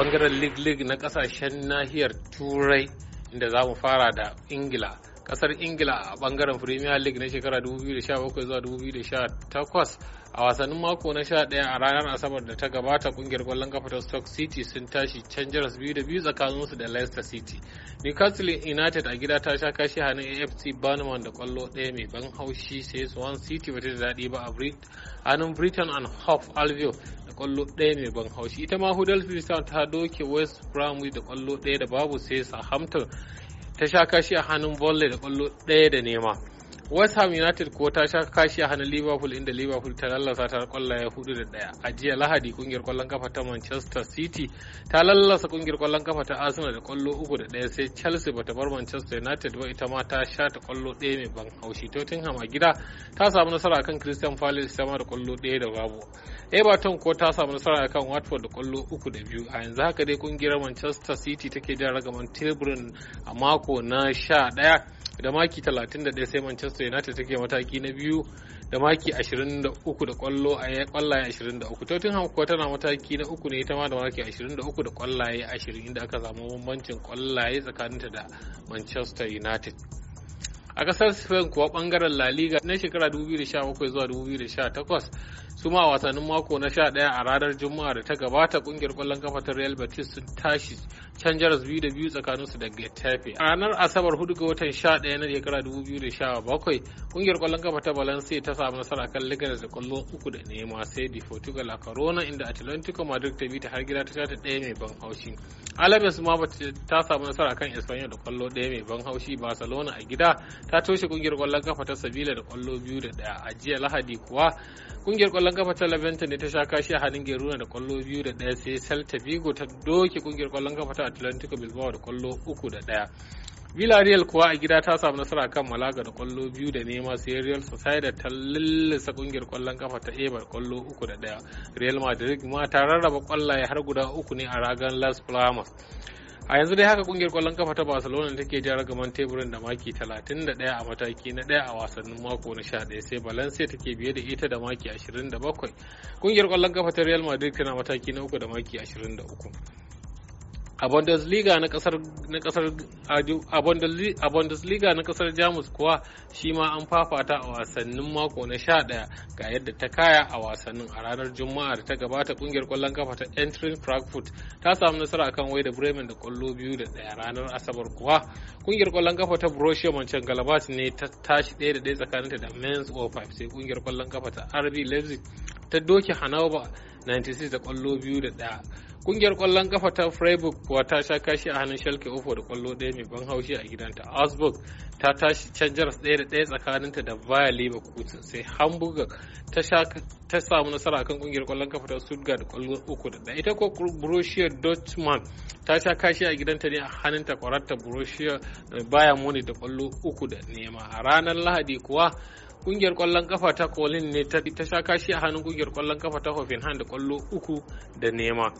bangaren league league na kasashen nahiyar turai inda za mu fara da ingila kasar ingila a bangaren premier league na shekara 2017 zuwa 2018 a wasannin mako na 11 a ranar asabar da ta gabata kungiyar kwallon kafa ta stoke city sun tashi can jaras biyu da biyu tsakanin su da leicester city newcastle united a gida ta sha kashi hannun afc barnum da kwallo ɗaya mai ban haushi sai swan city bata da daɗi ba a hannun britain and hof alvio da kwallo ɗaya mai ban haushi ita ma huddersfield ta doke west bromwich da kwallo daya da babu sai southampton ta sha kashi a hannun volley da kwallo ɗaya da nema West Ham United ko ta sha kashi a hannun Liverpool inda Liverpool ta lallasa ta kwallaye hudu da daya. A jiya Lahadi kungiyar kwallon kafa ta Manchester City ta lallasa kungiyar kwallon kafa ta Arsenal da kwallo uku da daya sai Chelsea bata bar Manchester United ba ita ma ta sha ta kwallo daya mai ban haushi. Tottenham a gida ta samu nasara akan Christian Palace sama da kwallo daya da babu. Everton ko ta samu nasara akan Watford da kwallo uku da biyu. A yanzu haka dai kungiyar Manchester City take da ragaman teburin a mako na sha daya. da maki 31 sai Manchester United take mataki na biyu da maki 23 da kwallo a kwallaye 23 Tottenham kuwa tana mataki na uku ne ita ma da maki 23 da kwallaye 20 inda aka samu bambancin kwallaye tsakaninta da Manchester United a kasar Spain kuwa bangaren La Liga na shekara 2017 zuwa 2018 su ma wasannin mako na sha ɗaya a ranar juma'a da ta gabata kungiyar kwallon kafa ta real betis sun tashi can jaras biyu da biyu tsakanin su da getafe a ranar asabar hudu ga watan sha ɗaya na shekara dubu biyu da sha bakwai kungiyar kwallon kafa ta balance ta samu nasara kan ligas da kwallo uku da nema sai di portugal a corona inda atlantico madrid ta bi ta har gida ta sha ta ɗaya mai ban haushi alabes ma ta samu nasara kan espanyol da kwallo daya mai ban haushi barcelona a gida ta toshe kungiyar kwallon kafa ta sabila da kwallo biyu da ɗaya a jiya lahadi kuwa kungiyar kwallon kafa ta Levante ne ta sha kashi a halin Geruna da kwallo biyu da ɗaya sai Celta Vigo ta doke kungiyar kwallon kafa ta Atlantico Bilbao da kwallo uku da ɗaya. Villarreal kuwa a gida ta samu nasara kan Malaga da kwallo biyu da nema sai Real Sociedad ta lallasa kungiyar kwallon kafa ta Eibar kwallo uku da ɗaya. Real Madrid ma ta rarraba kwallaye har guda uku ne a ragan Las Palmas. a yanzu dai haka kungiyar kwallon kafa ta barcelona take jan ragaman teburin da maki 31 a mataki na ɗaya a wasannin mako na 11 sai valencia take biye da ita da maki 27 kungiyar kwallon kafa ta real madrid tana mataki na uku da maki 23 a bundesliga na kasar jamus kuwa shi ma an fafata a wasannin mako na sha 11 ga yadda ta kaya a wasannin a ranar juma'a da ta gabata kungiyar kwallon kafa ta entrin frankfurt ta samu nasara akan wai da bremen da kwallo biyu da daya ranar asabar kuwa kungiyar kwallon kafa ta borussia galabas ne ta tashi daya da daya tsakaninta da mainz 05 sai kungiyar kwallon kafa ta rb leipzig ta doke hanover 96 da kwallo biyu da daya kungiyar kwallon kafa ta freiburg kuwa ta sha kashi a hannun shalke ofo da kwallo daya mai ban haushi a gidanta augsburg ta tashi changers daya da daya tsakaninta da bayer leverkusen sai hamburg ta samu nasara akan kungiyar kwallon kafa ta stuttgart da kwallo uku da daya ita ko borussia dortmund ta sha kashi a gidanta ne a hannun takwararta borussia eh, bayan munich da kwallo uku da nema a ranar lahadi kuwa kungiyar kwallon kafa ta kolin ne ta sha kashi a hannun kungiyar kwallon kafa ta hoffenheim da kwallo uku da nema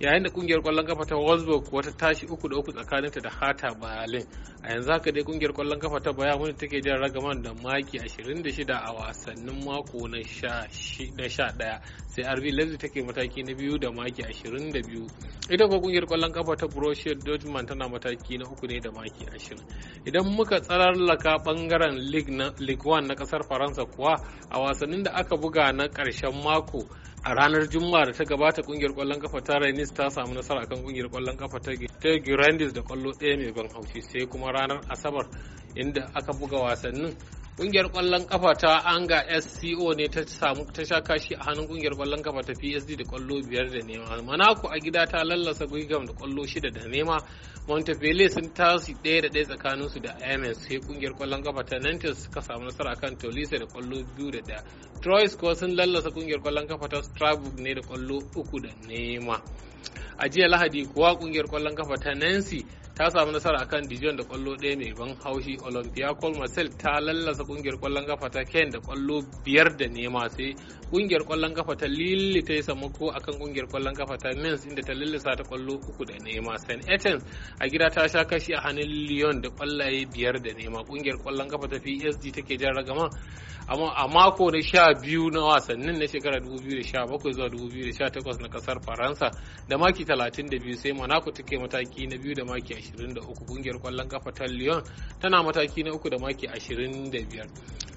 yayin da kungiyar kwallon kafa ta Wolfsburg wata tashi uku da uku tsakaninta da Hata Berlin a yanzu haka dai kungiyar kwallon kafa ta Bayern Munich take jan ragaman da maki 26 a wasannin mako na 11 sai RB Leipzig take mataki na biyu da maki 22 ita ko kungiyar kwallon kafa ta Borussia Dortmund tana mataki na uku ne da maki 20 idan muka tsararlaka bangaren League 1 na kasar Faransa kuwa a wasannin da aka buga na karshen mako a ranar juma'a da ta gabata kungiyar kwallon kafa ta rainis ta samu nasara akan kungiyar kwallon kafa ta girandis da kwallo ɗaya mai ban haushi sai kuma ranar asabar inda aka buga wasannin kungiyar kwallon kafa ta Anga SCO ne ta samu ta sha kashi a hannun ƙungiyar ƙwallon ƙafa ta PSD da ƙwallo biyar da nema. manako a gida ta lallasa gwigam da ƙwallo shida da nema. Montevideo sun tasi ɗaya da ɗaya tsakanin su da MS sai kungiyar ƙwallon ƙafa ta Nantes suka samu nasara akan Tolisa da ƙwallo biyu da ɗaya. Troyes kuwa sun lallasa ƙungiyar ƙwallon ƙafa ta Strasbourg ne da ƙwallo uku da nema. a jiya lahadi kuwa kungiyar kwallon kafa ta nancy ta samu nasara akan dijon da kwallo ɗaya mai ban haushi olympiacos marcel ta lallasa kungiyar kwallon kafa ta ken da kwallo biyar da nema sai kungiyar kwallon kafa ta lille ta yi samako akan kungiyar kwallon kafa ta mins inda ta lallasa ta kwallo uku da nema st etens a gida ta sha kashi a hannun lyon da kwallaye biyar da nema kungiyar kwallon kafa ta psg take jan amma a mako na sha biyu na wasannin na shekarar 2017 zuwa 2018 na kasar faransa da maki 32 sai monaco take mataki na biyu da maki 23 kungiyar kwallon kafa ta Lyon tana mataki na uku da maki 25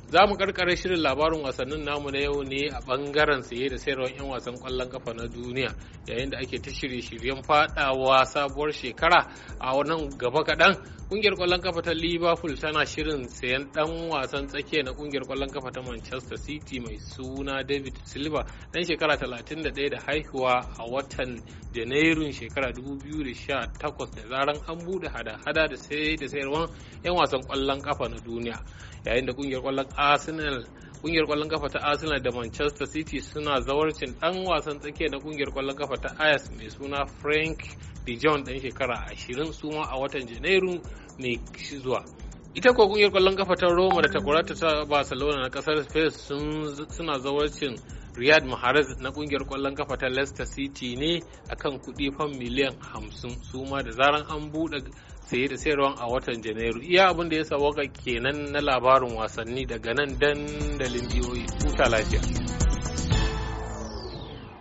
za mu karkare shirin labarin wasannin namu na yau ne a bangaren saye da sayarwar 'yan wasan kwallon kafa na duniya yayin da ake ta shirye-shiryen fadawa sabuwar shekara a wannan gaba kaɗan kungiyar kwallon kafa ta liverpool tana shirin sayan dan wasan tsakiya na kungiyar kwallon kafa ta manchester city mai suna david silva dan shekara 31 da haihuwa a watan janairun shekara 2018 da zaran an bude hada-hada da sayarwar 'yan wasan kwallon kafa na duniya yayin da kungiyar kwallon arsenal kungiyar kwallon kafa ta arsenal da manchester city suna zawarcin dan wasan tsakiya na kungiyar kwallon kafa ta ayas mai suna frank de jong dan shekara 20 suma a watan janairu mai zuwa ita ko kungiyar kwallon kafa ta roma da takwarata ta barcelona na kasar spain suna zawarcin riyad mahrez na kungiyar kwallon kafa ta leicester city ne akan kudi fam miliyan 50 suma da zaran an bude saye da sayarwan a watan janairu iya abin da ya sawaka kenan na labarin wasanni daga nan dandalin biyoyi huta lafiya